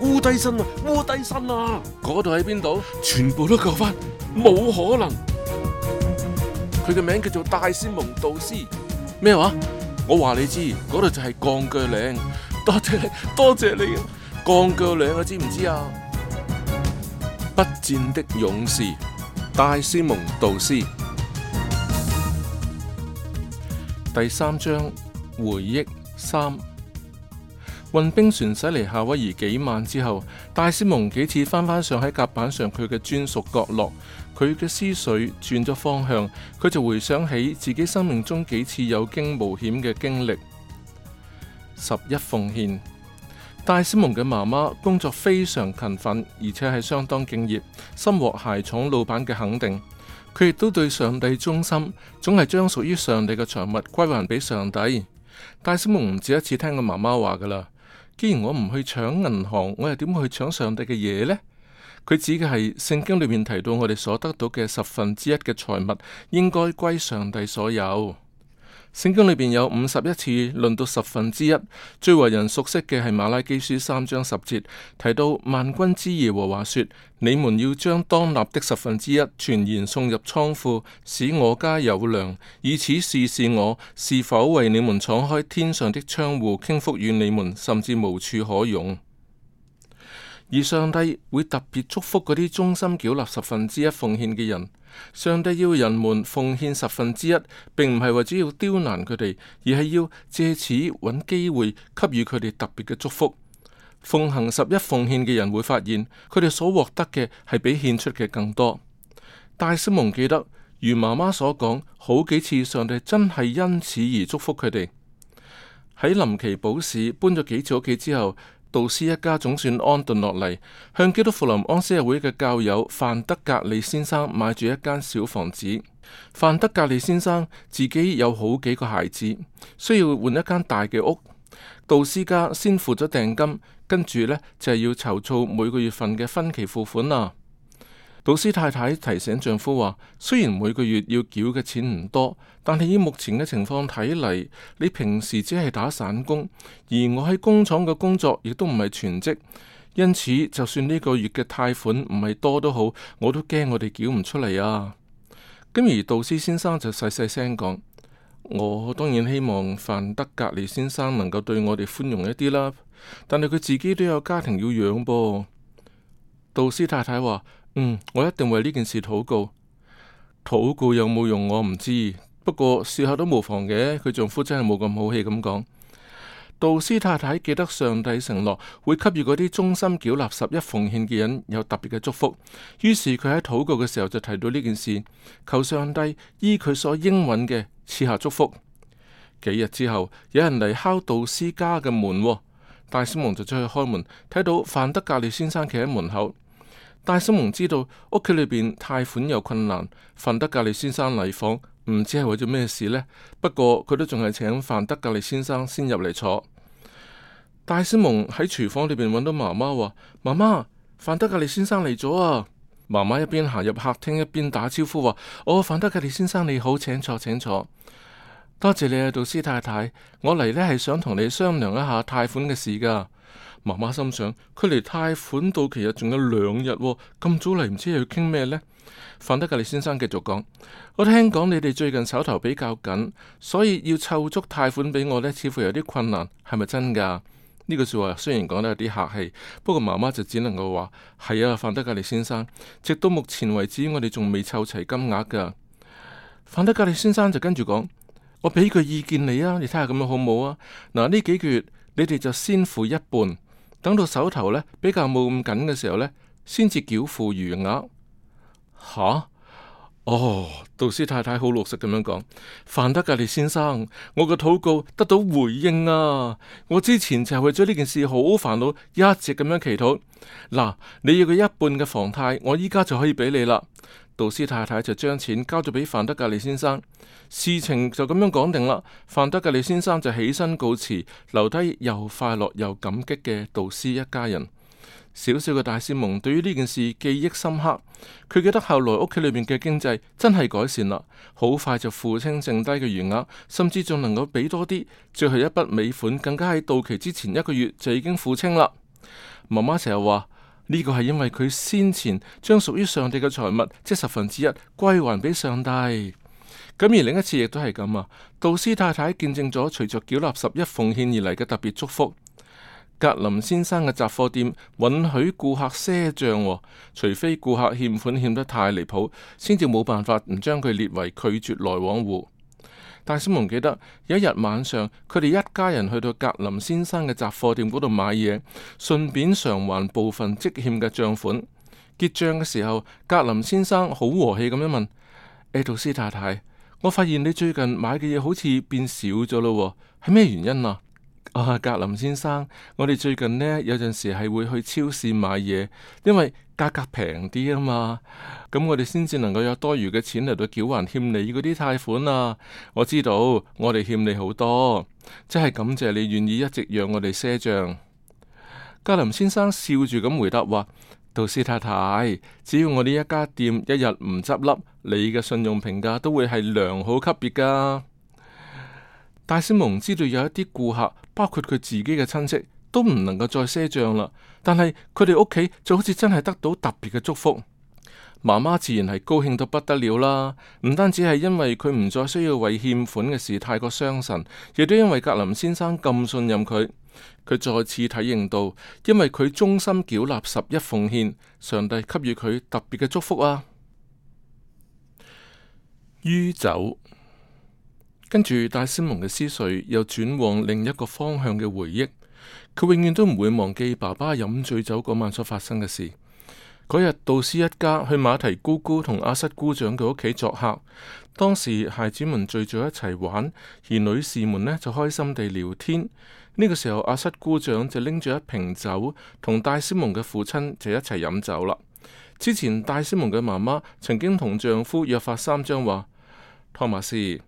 烏低身啊，烏低身啊！嗰度喺邊度？全部都救翻，冇可能。佢嘅名叫做戴斯蒙杜斯，咩話？我話你知，嗰度就係鋼鋸嶺。多謝你，多謝你，啊，鋼鋸嶺你知唔知啊？不戰的勇士，戴斯蒙杜斯。第三章回憶三。運兵船駛離夏威夷幾晚之後，戴斯蒙幾次翻返上喺甲板上佢嘅專屬角落，佢嘅思緒轉咗方向，佢就回想起自己生命中幾次有驚無險嘅經歷。十一奉獻，戴斯蒙嘅媽媽工作非常勤奮，而且係相當敬業，深獲鞋廠老闆嘅肯定。佢亦都對上帝忠心，總係將屬於上帝嘅財物歸還俾上帝。戴斯蒙唔止一次聽過媽媽話噶啦。既然我唔去搶銀行，我又點去搶上帝嘅嘢呢？佢指嘅係聖經裏面提到，我哋所得到嘅十分之一嘅財物，應該歸上帝所有。聖經裏邊有五十一次論到十分之一，最為人熟悉嘅係馬拉基書三章十節提到萬軍之耶和華說：你們要將當納的十分之一全然送入倉庫，使我家有糧，以此試試我是否為你們敞開天上的窗戶，傾福與你們，甚至無處可容。」而上帝會特別祝福嗰啲忠心繳納十分之一奉獻嘅人。上帝要人們奉獻十分之一，並唔係為咗要刁難佢哋，而係要借此搵機會給予佢哋特別嘅祝福。奉行十一奉獻嘅人會發現，佢哋所獲得嘅係比獻出嘅更多。戴斯蒙記得如媽媽所講，好幾次上帝真係因此而祝福佢哋。喺林奇堡市搬咗幾次屋企之後，道斯一家總算安頓落嚟，向基督復臨安息日會嘅教友范德格利先生買住一間小房子。范德格利先生自己有好幾個孩子，需要換一間大嘅屋。道斯家先付咗訂金，跟住呢就係要籌措每個月份嘅分期付款啦。杜斯太太提醒丈夫話，雖然每個月要繳嘅錢唔多，但係以目前嘅情況睇嚟，你平時只係打散工，而我喺工廠嘅工作亦都唔係全職，因此就算呢個月嘅貸款唔係多都好，我都驚我哋繳唔出嚟啊！咁而杜斯先生就細細聲講，我當然希望范德格利先生能夠對我哋寬容一啲啦，但係佢自己都有家庭要養噃。杜斯太太話。嗯，我一定為呢件事禱告。禱告有冇用我唔知，不過事後都冇妨嘅。佢丈夫真係冇咁好氣咁講。杜斯太太記得上帝承諾會給予嗰啲忠心繳納十一奉獻嘅人有特別嘅祝福，於是佢喺禱告嘅時候就提到呢件事，求上帝依佢所應允嘅賜下祝福。幾日之後，有人嚟敲杜斯家嘅門。哦，戴斯蒙就出去開門，睇到范德格列先生企喺門口。戴斯蒙知道屋企裏邊貸款有困難，范德格利先生嚟訪，唔知係為咗咩事呢？不過佢都仲係請范德格利先生先入嚟坐。戴斯蒙喺廚房裏邊揾到媽媽話：媽媽，范德格利先生嚟咗啊！媽媽一邊行入客廳一邊打招呼：哦，范德格利先生你好，請坐，請坐。多謝你啊，杜斯太太，我嚟呢係想同你商量一下貸款嘅事噶。媽媽心想，距離貸款到期日仲有兩日喎，咁早嚟唔知要傾咩呢？范德格里先生繼續講：我聽講你哋最近手頭比較緊，所以要湊足貸款俾我呢，似乎有啲困難，係咪真噶？呢句說話雖然講得有啲客氣，不過媽媽就只能夠話係啊。范德格里先生，直到目前為止，我哋仲未湊齊金額噶。范德格里先生就跟住講：我俾佢意見你啊，你睇下咁樣好唔好啊？嗱，呢幾個月你哋就先付一半。等到手頭咧比較冇咁緊嘅時候咧，先至繳付餘額。吓？哦，杜斯太太好老實咁樣講，范德格列先生，我嘅禱告得到回應啊！我之前就係為咗呢件事好煩惱，一直咁樣祈禱。嗱，你要嘅一半嘅房貸，我依家就可以俾你啦。杜斯太太就將錢交咗俾范德格里先生，事情就咁樣講定啦。范德格里先生就起身告辭，留低又快樂又感激嘅杜斯一家人。小小嘅戴斯蒙對於呢件事記憶深刻，佢記得後來屋企裏面嘅經濟真係改善啦，好快就付清剩低嘅餘額，甚至仲能夠俾多啲，最後一筆尾款更加喺到期之前一個月就已經付清啦。媽媽成日話。呢個係因為佢先前將屬於上帝嘅財物，即十分之一，歸還俾上帝。咁而另一次亦都係咁啊！杜斯太太見證咗，隨着繳納十一奉獻而嚟嘅特別祝福。格林先生嘅雜貨店允許顧客賒賬，除非顧客欠款欠得太離譜，先至冇辦法唔將佢列為拒絕來往戶。戴斯蒙記得有一日晚上，佢哋一家人去到格林先生嘅雜貨店嗰度買嘢，順便償還部分積欠嘅賬款。結賬嘅時候，格林先生好和氣咁樣問：「埃杜斯太太，我發現你最近買嘅嘢好似變少咗咯，係咩原因啊？」啊，格林先生，我哋最近呢，有陣時係會去超市買嘢，因為價格平啲啊嘛，咁我哋先至能夠有多餘嘅錢嚟到繳還欠你嗰啲貸款啊！我知道我哋欠你好多，真係感謝你願意一直讓我哋賒賬。格林先生笑住咁回答話：杜斯太太，只要我呢一家店一日唔執笠，你嘅信用評價都會係良好級別噶。戴斯蒙知道有一啲顧客，包括佢自己嘅親戚，都唔能夠再賒賬啦。但係佢哋屋企就好似真係得到特別嘅祝福。媽媽自然係高興到不得了啦，唔單止係因為佢唔再需要為欠款嘅事太過傷神，亦都因為格林先生咁信任佢。佢再次體認到，因為佢忠心繳納十一奉獻，上帝給予佢特別嘅祝福啊。于酒。跟住，戴斯蒙嘅思緒又轉往另一個方向嘅回憶。佢永遠都唔會忘記爸爸飲醉酒嗰晚所發生嘅事。嗰日，杜斯一家去馬蹄姑姑同阿瑟姑丈嘅屋企作客。當時，孩子們聚咗一齊玩，而女士們呢就開心地聊天。呢個時候，阿瑟姑丈就拎住一瓶酒，同戴斯蒙嘅父親就一齊飲酒啦。之前，戴斯蒙嘅媽媽曾經同丈夫約法三章，話：托馬斯。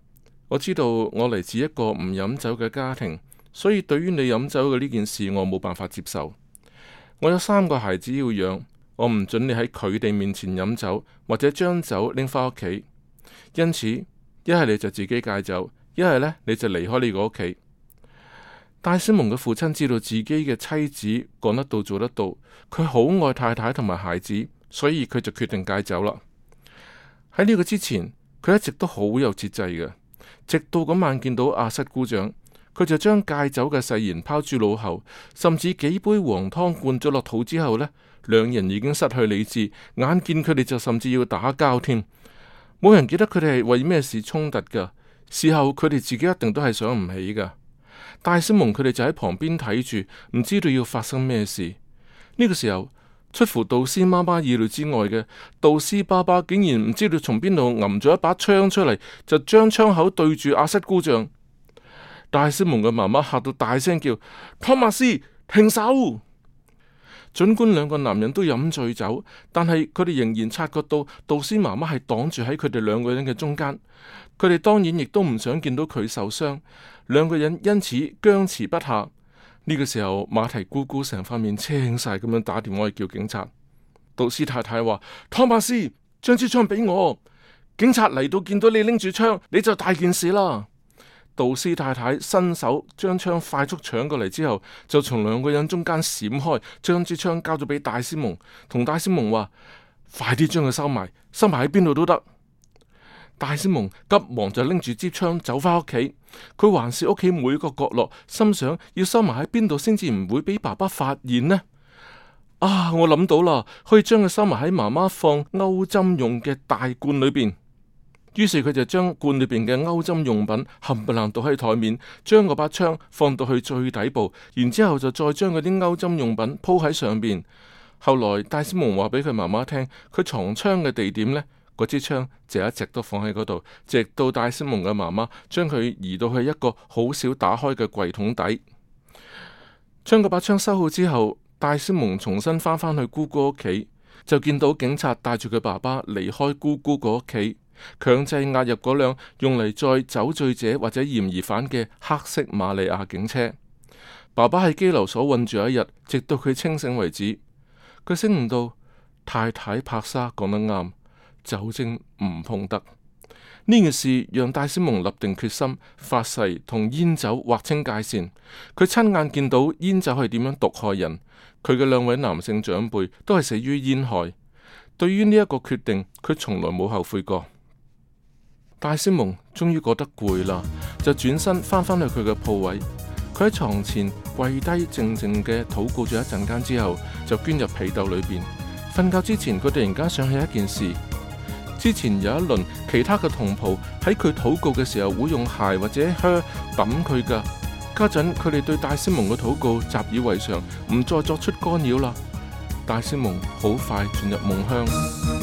我知道我嚟自一個唔飲酒嘅家庭，所以對於你飲酒嘅呢件事，我冇辦法接受。我有三個孩子要養，我唔准你喺佢哋面前飲酒或者將酒拎返屋企。因此，一係你就自己戒酒，一係呢，你就離開你個屋企。戴斯蒙嘅父親知道自己嘅妻子講得到做得到，佢好愛太太同埋孩子，所以佢就決定戒酒啦。喺呢個之前，佢一直都好有節制嘅。直到嗰晚見到阿瑟姑丈，佢就將戒酒嘅誓言拋諸腦後，甚至幾杯黃湯灌咗落肚之後呢，兩人已經失去理智，眼見佢哋就甚至要打交添。冇人記得佢哋係為咩事衝突㗎，事後佢哋自己一定都係想唔起㗎。戴斯蒙佢哋就喺旁邊睇住，唔知道要發生咩事。呢、這個時候。出乎導師媽媽意料之外嘅，導師爸爸竟然唔知道從邊度揞咗一把槍出嚟，就將槍口對住阿瑟姑丈。戴斯蒙嘅媽媽嚇到大聲叫：托馬斯，停手！儘管兩個男人都飲醉酒，但係佢哋仍然察覺到導師媽媽係擋住喺佢哋兩個人嘅中間，佢哋當然亦都唔想見到佢受傷，兩個人因此僵持不下。呢個時候馬蹄姑姑成塊面青晒咁樣打電話去叫警察。杜斯太太話：湯馬斯，將支槍俾我。警察嚟到見到你拎住槍，你就大件事啦。杜斯太太伸手將槍快速搶過嚟之後，就從兩個人中間閃開，將支槍交咗俾戴斯蒙。同戴斯蒙話：快啲將佢收埋，收埋喺邊度都得。大士們急忙就拎住支槍走返屋企，佢環是屋企每個角落，心想要收埋喺邊度先至唔會俾爸爸發現呢？啊，我諗到啦，可以將佢收埋喺媽媽放鈎針用嘅大罐裏邊。於是佢就將罐裏邊嘅鈎針用品冚唪冚倒喺台面，將個把槍放到去最底部，然之後就再將嗰啲鈎針用品鋪喺上邊。後來大士們話俾佢媽媽聽，佢藏槍嘅地點呢？嗰支槍，就一直都放喺嗰度，直到戴斯蒙嘅媽媽將佢移到去一個好少打開嘅櫃桶底，將嗰把槍收好之後，戴斯蒙重新翻返去姑姑屋企，就見到警察帶住佢爸爸離開姑姑個屋企，強制押入嗰輛用嚟載酒醉者或者嫌疑犯嘅黑色瑪利亞警車。爸爸喺拘留所困住一日，直到佢清醒為止。佢醒唔到太太帕莎講得啱。酒精唔碰得。呢件事讓戴斯蒙立定決心發誓同煙酒劃清界線。佢親眼見到煙酒係點樣毒害人，佢嘅兩位男性長輩都係死於煙害。對於呢一個決定，佢從來冇後悔過。戴斯蒙終於覺得攰啦，就轉身翻返去佢嘅鋪位。佢喺床前跪低，靜靜嘅禱告咗一陣間之後，就捐入被竇裏邊。瞓覺之前，佢突然間想起一件事。之前有一輪其他嘅同袍喺佢禱告嘅時候會用鞋或者靴揼佢㗎。家陣佢哋對戴斯蒙嘅禱告習以為常，唔再作出干擾啦。戴斯蒙好快進入夢鄉。